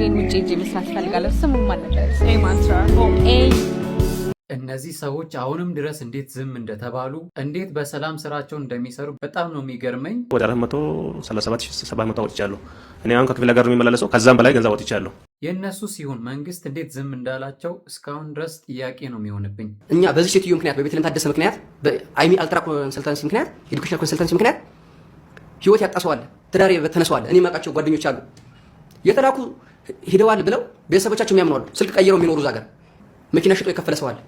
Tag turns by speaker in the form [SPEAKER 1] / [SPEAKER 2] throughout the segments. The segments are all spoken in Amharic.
[SPEAKER 1] ሀገሬን ውጭ እጅ መስራት እፈልጋለሁ። ስሙም አልነበረ እነዚህ ሰዎች አሁንም ድረስ እንዴት ዝም እንደተባሉ እንዴት በሰላም ስራቸውን እንደሚሰሩ በጣም ነው የሚገርመኝ። ወደ 437 ወጥቻለሁ እኔ አሁን ከክፍለ ሀገር የሚመላለሰው ከዛም በላይ ገንዘብ ወጥቻለሁ። የእነሱ ሲሆን መንግስት እንዴት ዝም እንዳላቸው እስካሁን ድረስ ጥያቄ ነው የሚሆንብኝ። እኛ በዚህ ሴትዮ ምክንያት፣ በቤተልሔም ታደሰ ምክንያት፣ በአይሚ አልትራ ኮንሰልታንሲ ምክንያት፣ ኤዱኬሽናል ኮንሰልታንሲ ምክንያት ህይወት ያጣሰዋል፣ ትዳሬ ተነሰዋል። እኔ የማውቃቸው ጓደኞች አሉ የተላኩ ሂደዋል ብለው ቤተሰቦቻቸው የሚያምኑ አሉ። ስልክ ቀይረው የሚኖሩ እዛ ጋር መኪና ሽጦ የከፈለ ሰው አለ።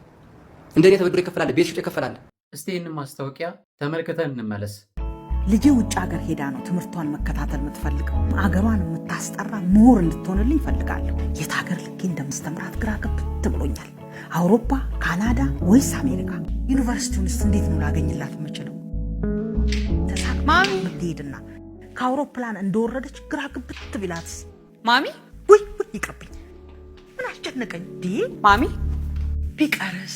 [SPEAKER 1] እንደኔ ተበድሮ ይከፈላለ፣ ቤት ሽጦ ይከፈላለ። እስቲ ይህን ማስታወቂያ ተመልክተን እንመለስ። ልጄ ውጭ ሀገር ሄዳ ነው ትምህርቷን መከታተል የምትፈልገው። አገሯን የምታስጠራ ምሁር እንድትሆንልኝ ይፈልጋለሁ። የት ሀገር ልኬ እንደምስተምራት ግራ ገብት ብሎኛል። አውሮፓ፣ ካናዳ ወይስ አሜሪካ? ዩኒቨርሲቲውን ውስጥ እንዴት ነው ላገኝላት የምችለው? ተሳቅማ ብትሄድና ከአውሮፕላን እንደወረደች ግራ ግብት ቢላትስ ማሚ ይቅርብኝ። ምን አስጨነቀኝ? ማሚ ቢቀርስ?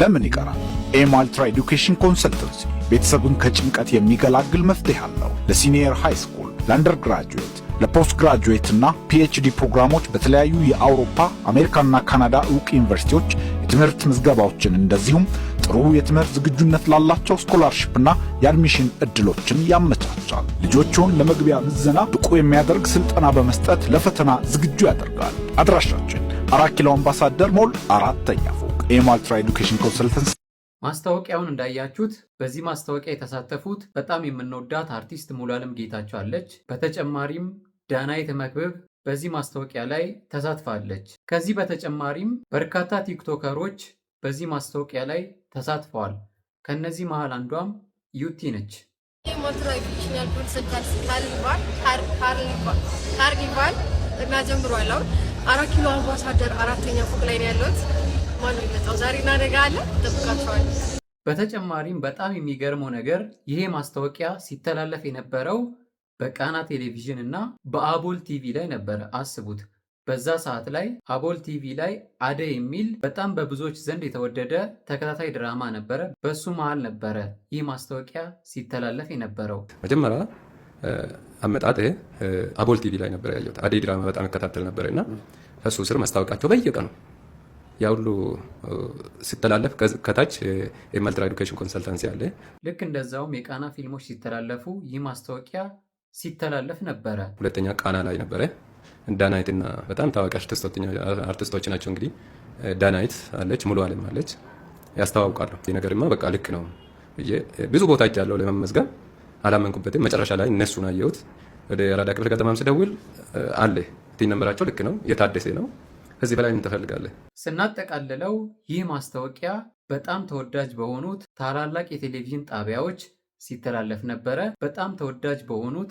[SPEAKER 1] ለምን ይቀራል? ኤም አልትራ ኤዱኬሽን ኮንሰልተንሲ ቤተሰብን ከጭንቀት የሚገላግል መፍትሄ አለው። ለሲኒየር ሃይ ስኩል፣ ለአንደር ግራጁዌት፣ ለፖስት ግራጁዌት እና ፒኤችዲ ፕሮግራሞች በተለያዩ የአውሮፓ አሜሪካና ካናዳ እውቅ ዩኒቨርሲቲዎች የትምህርት ምዝገባዎችን እንደዚሁም ጥሩ የትምህርት ዝግጁነት ላላቸው ስኮላርሺፕና የአድሚሽን እድሎችን ያመቻቻል። ልጆቹን ለመግቢያ ምዘና ብቁ የሚያደርግ ስልጠና በመስጠት ለፈተና ዝግጁ ያደርጋል። አድራሻችን አራት ኪሎ አምባሳደር ሞል አራተኛ ፎቅ ኤማልትራ ኤዱኬሽን ኮንሰልተንስ። ማስታወቂያውን እንዳያችሁት በዚህ ማስታወቂያ የተሳተፉት በጣም የምንወዳት አርቲስት ሙሉዓለም ጌታቸው አለች። በተጨማሪም ዳናይት መክብብ በዚህ ማስታወቂያ ላይ ተሳትፋለች። ከዚህ በተጨማሪም በርካታ ቲክቶከሮች በዚህ ማስታወቂያ ላይ ተሳትፈዋል። ከእነዚህ መሃል አንዷም ዩቲ ነች። ካርኒቫል እና ጀምሯል። አሁን አራት ኪሎ አምባሳደር አራተኛ ፎቅ ላይ ነው ያለሁት። ማን ይመጣው ዛሬ እና ነገ አለ ጠብቃቸዋል። በተጨማሪም በጣም የሚገርመው ነገር ይሄ ማስታወቂያ ሲተላለፍ የነበረው በቃና ቴሌቪዥን እና በአቦል ቲቪ ላይ ነበረ። አስቡት። በዛ ሰዓት ላይ አቦል ቲቪ ላይ አደ የሚል በጣም በብዙዎች ዘንድ የተወደደ ተከታታይ ድራማ ነበረ። በሱ መሀል ነበረ ይህ ማስታወቂያ ሲተላለፍ የነበረው። መጀመሪያ አመጣጤ አቦል ቲቪ ላይ ነበረ ያየሁት። አደይ ድራማ በጣም እከታተል ነበረ እና ከሱ ስር ማስታወቂያቸው በየቀኑ ያ ሁሉ ሲተላለፍ ከታች የማልትራ ኤዱኬሽን ኮንሰልታንሲ አለ። ልክ እንደዛውም የቃና ፊልሞች ሲተላለፉ ይህ ማስታወቂያ ሲተላለፍ ነበረ። ሁለተኛ ቃና ላይ ነበረ ዳናይት እና በጣም ታዋቂ አርቲስቶች ናቸው። እንግዲህ ዳናይት አለች፣ ሙሉ አለም አለች። ያስተዋውቃሉ። ይህ ነገርማ በቃ ልክ ነው። ብዙ ቦታ ያለው ለመመዝገብ አላመንኩበትም። መጨረሻ ላይ እነሱን አየሁት። ወደ አራዳ ክፍለ ከተማም ስደውል አለ ቲን ነበራቸው። ልክ ነው፣ የታደሰ ነው። ከዚህ በላይ ምን ትፈልጋለህ? ስናጠቃልለው ይህ ማስታወቂያ በጣም ተወዳጅ በሆኑት ታላላቅ የቴሌቪዥን ጣቢያዎች ሲተላለፍ ነበረ። በጣም ተወዳጅ በሆኑት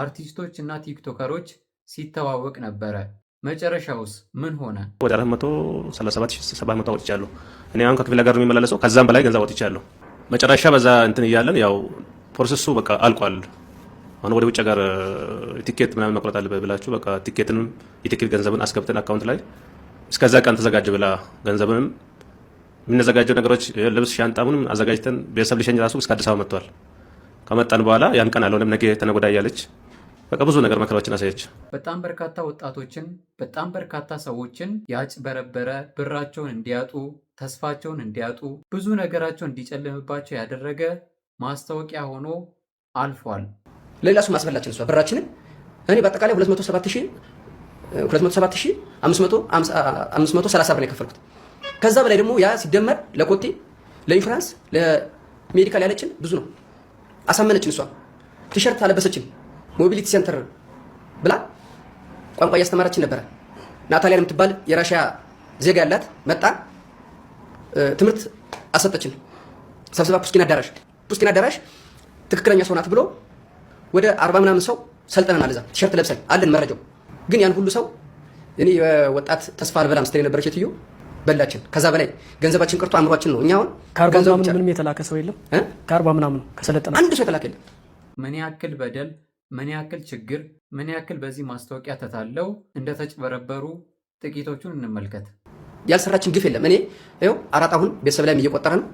[SPEAKER 1] አርቲስቶች እና ቲክቶከሮች ሲተዋወቅ ነበረ። መጨረሻውስ ምን ሆነ? ወደ 437 ወጥቻለሁ። እኔ አሁን ከክፍለ ሀገር የሚመላለሰው ከዛም በላይ ገንዘብ ወጥቻለሁ። መጨረሻ በዛ እንትን እያለን ያው ፕሮሰሱ በቃ አልቋል። አሁን ወደ ውጭ ሀገር ቲኬት ምናምን መቁረጥ አለበት ብላችሁ በቃ ቲኬትንም የቲኬት ገንዘብን አስገብተን አካውንት ላይ እስከዛ ቀን ተዘጋጀ ብላ ገንዘብንም የምናዘጋጀው ነገሮች ልብስ፣ ሻንጣ ምንም አዘጋጅተን ቤተሰብ ልሸኝ ራሱ እስከ አዲስ አበባ መጥቷል። ከመጣን በኋላ ያን ቀን አልሆነም ነገ ተነጎዳ እያለች በቃ ብዙ ነገር መከራዎችን አሳየች። በጣም በርካታ ወጣቶችን በጣም በርካታ ሰዎችን ያጭበረበረ ብራቸውን እንዲያጡ ተስፋቸውን እንዲያጡ ብዙ ነገራቸው እንዲጨልምባቸው ያደረገ ማስታወቂያ ሆኖ አልፏል። ሌላ ሱ ማስበላችን እሷ ብራችንን እኔ በአጠቃላይ 27530 ብር ነው የከፈልኩት። ከዛ በላይ ደግሞ ያ ሲደመር ለኮቴ ለኢንሹራንስ ለሜዲካል ያለችን ብዙ ነው። አሳመነችን እሷ ቲሸርት አለበሰችን ሞቢሊቲ ሴንተር ብላ ቋንቋ እያስተማራችን ነበረ። ናታሊያን የምትባል የራሽያ ዜጋ ያላት መጣ፣ ትምህርት አሰጠችን ሰብስባ ፑስኪን አዳራሽ። ፑስኪን አዳራሽ ትክክለኛ ሰው ናት ብሎ ወደ አርባ ምናምን ሰው ሰልጠነናል። እዛ ቲሸርት ለብሰን አለን መረጃው። ግን ያን ሁሉ ሰው እኔ ወጣት ተስፋ አልበላም ስትል የነበረች ሴትዮ በላችን። ከዛ በላይ ገንዘባችን ቀርቶ አእምሯችን ነው። እኛ አሁን ምናምን ምንም የተላከ ሰው የለም። ከአርባ ምናምን ከሰለጠነ አንድ ሰው የተላከ የለም። ምን ያክል በደል ምን ያክል ችግር፣ ምን ያክል በዚህ ማስታወቂያ ተታለው እንደተጭበረበሩ ጥቂቶቹን እንመልከት። ያልሰራችን ግፍ የለም። እኔ ይኸው አራጣ አሁን ቤተሰብ ላይም እየቆጠረ ነው።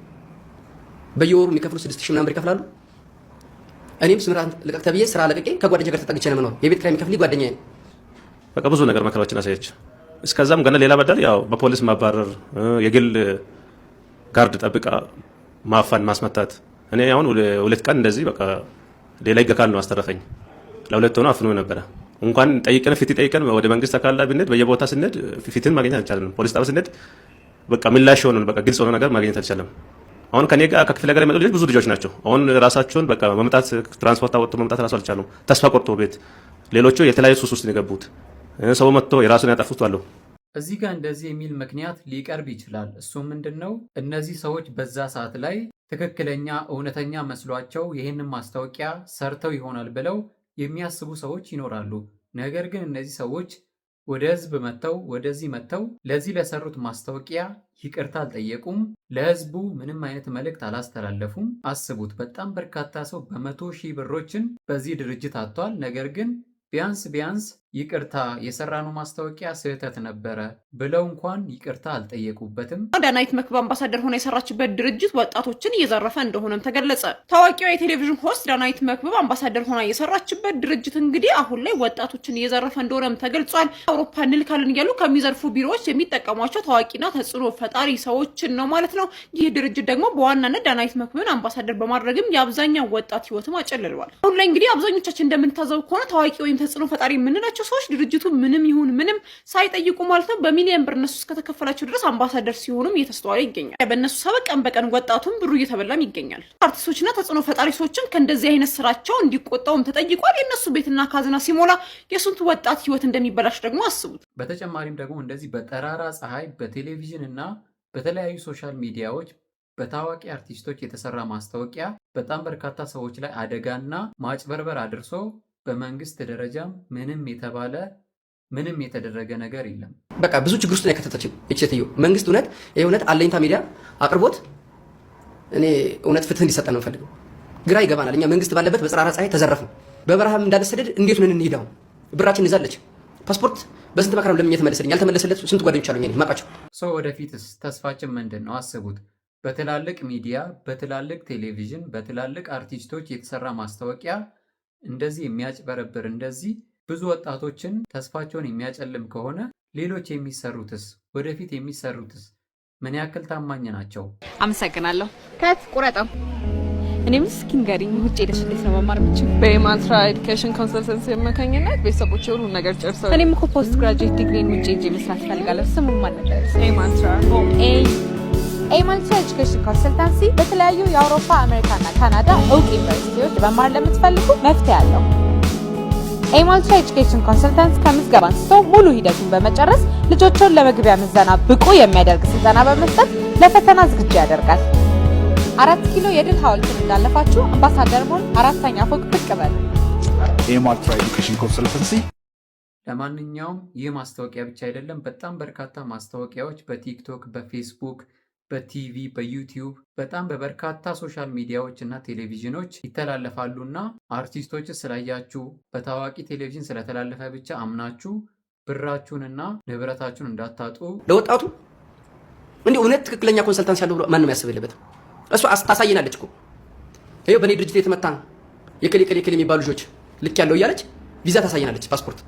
[SPEAKER 1] በየወሩ የሚከፍሉ ስድስት ሺህ ምናምን ይከፍላሉ። እኔም ስምራ ልቀቅ ተብዬ ስራ ለቅቄ ከጓደኛ ጋር ተጠግቼ ነው የምኖር። የቤት ኪራይ የሚከፍል ጓደኛ ነው። በቃ ብዙ ነገር መከራዎችን አሳየች። እስከዛም ገና ሌላ በደል፣ ያው በፖሊስ ማባረር፣ የግል ጋርድ ጠብቃ ማፋን፣ ማስመታት። እኔ አሁን ሁለት ቀን እንደዚህ በቃ ሌላ ይገካል ነው አስተረፈኝ። ለሁለት ሆኖ አፍኖ ነበረ። እንኳን ጠይቀን ፊት ጠይቀን ወደ መንግስት አካል ላይ ብንሄድ በየቦታ ስንሄድ ፊትን ማግኘት አልቻለም። ፖሊስ ጣቢያ ስንሄድ በቃ ምላሽ የሆነን በቃ ግልጽ ሆነ ነገር ማግኘት አልቻለም። አሁን ከኔ ጋር ከክፍለ ሀገር የመጡ ልጆች ብዙ ልጆች ናቸው። አሁን ራሳቸውን በቃ መምጣት ትራንስፖርት አወጥቶ መምጣት ራሱ አልቻሉም። ተስፋ ቆርጦ ቤት ሌሎቹ የተለያዩ ሱስ ውስጥ የገቡት ሰው መጥቶ የራሱን ያጠፉት አለሁ። እዚህ ጋር እንደዚህ የሚል ምክንያት ሊቀርብ ይችላል። እሱ ምንድን ነው? እነዚህ ሰዎች በዛ ሰዓት ላይ ትክክለኛ እውነተኛ መስሏቸው ይህንን ማስታወቂያ ሰርተው ይሆናል ብለው የሚያስቡ ሰዎች ይኖራሉ። ነገር ግን እነዚህ ሰዎች ወደ ህዝብ መጥተው ወደዚህ መጥተው ለዚህ ለሰሩት ማስታወቂያ ይቅርታ አልጠየቁም። ለህዝቡ ምንም አይነት መልእክት አላስተላለፉም። አስቡት፣ በጣም በርካታ ሰው በመቶ ሺህ ብሮችን በዚህ ድርጅት አጥቷል። ነገር ግን ቢያንስ ቢያንስ ይቅርታ የሰራነው ማስታወቂያ ስህተት ነበረ ብለው እንኳን ይቅርታ አልጠየቁበትም። ዳናይት መክብ አምባሳደር ሆና የሰራችበት ድርጅት ወጣቶችን እየዘረፈ እንደሆነም ተገለጸ። ታዋቂዋ የቴሌቪዥን ሆስት ዳናይት መክብብ አምባሳደር ሆና የሰራችበት ድርጅት እንግዲህ አሁን ላይ ወጣቶችን እየዘረፈ እንደሆነም ተገልጿል። አውሮፓ እንልካለን እያሉ ከሚዘርፉ ቢሮዎች የሚጠቀሟቸው ታዋቂና ተጽዕኖ ፈጣሪ ሰዎችን ነው ማለት ነው። ይህ ድርጅት ደግሞ በዋናነት ዳናይት መክብብን አምባሳደር በማድረግም የአብዛኛው ወጣት ህይወትም አጨልሏል። አሁን ላይ እንግዲህ አብዛኞቻችን እንደምንታዘቡ ከሆነ ታዋቂ ወይም ተጽዕኖ ፈጣሪ የምንላቸው የሚሰጧቸው ሰዎች ድርጅቱ ምንም ይሁን ምንም ሳይጠይቁ ማለት ነው በሚሊዮን ብር እነሱ እስከተከፈላቸው ድረስ አምባሳደር ሲሆኑም እየተስተዋለ ይገኛል። በእነሱ ሰበብ ቀን በቀን ወጣቱም ብሩ እየተበላም ይገኛል። አርቲስቶችና ተጽዕኖ ፈጣሪ ሰዎችም ከእንደዚህ አይነት ስራቸው እንዲቆጠውም ተጠይቋል። የእነሱ ቤትና ካዝና ሲሞላ የስንቱ ወጣት ህይወት እንደሚበላሽ ደግሞ አስቡት። በተጨማሪም ደግሞ እንደዚህ በጠራራ ፀሐይ በቴሌቪዥን እና በተለያዩ ሶሻል ሚዲያዎች በታዋቂ አርቲስቶች የተሰራ ማስታወቂያ በጣም በርካታ ሰዎች ላይ አደጋና ማጭበርበር አድርሶ በመንግስት ደረጃ ምንም የተባለ ምንም የተደረገ ነገር የለም። በቃ ብዙ ችግር ውስጥ ነው ያከተተችው ይህች ሴትዮ። መንግስት እውነት ይህ እውነት አለኝታ ሚዲያ አቅርቦት እኔ እውነት ፍትህ እንዲሰጠን ነው የምፈልገው። ግራ ይገባናል። እኛ መንግስት ባለበት በፀራራ ፀሐይ ተዘረፍን፣ በበረሃም እንዳለሰደድ እንዴት ነን እንሄዳው? ብራችን ይዛለች። ፓስፖርት በስንት መከራ ለምን የተመለሰልኝ ያልተመለሰለት ስንት ጓደኞች አሉኝ እኔ የማውቃቸው። ሰው ወደፊትስ ተስፋችን ምንድን ነው? አስቡት። በትላልቅ ሚዲያ፣ በትላልቅ ቴሌቪዥን፣ በትላልቅ አርቲስቶች የተሰራ ማስታወቂያ እንደዚህ የሚያጭበረብር እንደዚህ ብዙ ወጣቶችን ተስፋቸውን የሚያጨልም ከሆነ ሌሎች የሚሰሩትስ ወደፊት የሚሰሩትስ ምን ያክል ታማኝ ናቸው? አመሰግናለሁ። ከት ቁረጠው። እኔም እስኪ ንገሪኝ፣ ውጭ ሄደሽ እንዴት ነው መማር የምችል? በማትራ ኤዱኬሽን ኮንሰልተንሲ አማካኝነት ቤተሰቦች ሁሉ ነገር ጨርሰው፣ እኔም እኮ ፖስት ግራጁዌት ዲግሪን ውጭ ሄጄ መስራት እፈልጋለሁ። ስሙ ማን ነበር? ማትራ ኤ ኤማልቲ ኤጁኬሽን ኮንሰልታንሲ በተለያዩ የአውሮፓ አሜሪካና ካናዳ እውቅ ዩኒቨርሲቲዎች መማር ለምትፈልጉ መፍትሄ አለው። ኤማልቲ ኤጁኬሽን ኮንሰልታንሲ ከምዝገባ አንስቶ ሙሉ ሂደቱን በመጨረስ ልጆቹን ለመግቢያ ምዘና ብቁ የሚያደርግ ስልጠና በመስጠት ለፈተና ዝግጅ ያደርጋል። አራት ኪሎ የድል ሐውልትን እንዳለፋችሁ አምባሳደር ሞል አራተኛ ፎቅ ብቅ በል። ኤጁኬሽን ኮንሰልታንሲ ለማንኛውም ይህ ማስታወቂያ ብቻ አይደለም። በጣም በርካታ ማስታወቂያዎች በቲክቶክ በፌስቡክ በቲቪ በዩቲዩብ በጣም በበርካታ ሶሻል ሚዲያዎች እና ቴሌቪዥኖች ይተላለፋሉ እና አርቲስቶች ስላያችሁ በታዋቂ ቴሌቪዥን ስለተላለፈ ብቻ አምናችሁ ብራችሁንና ንብረታችሁን እንዳታጡ። ለወጣቱ እንዲህ እውነት ትክክለኛ ኮንሰልታንስ ያለው ብሎ ማንም ያስብልበት። እሱ ታሳየናለች እኮ ይኸው በእኔ ድርጅት የተመታ የክል የክል የሚባሉ ልጆች ልክ ያለው እያለች ቪዛ ታሳየናለች፣ ፓስፖርት።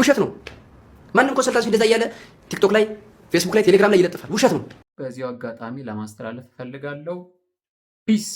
[SPEAKER 1] ውሸት ነው። ማንም ኮንሰልታንስ እንደዛ እያለ ቲክቶክ ላይ ፌስቡክ ላይ ቴሌግራም ላይ ይለጥፋል። ውሸት ነው። በዚሁ አጋጣሚ ለማስተላለፍ እፈልጋለሁ። ፒስ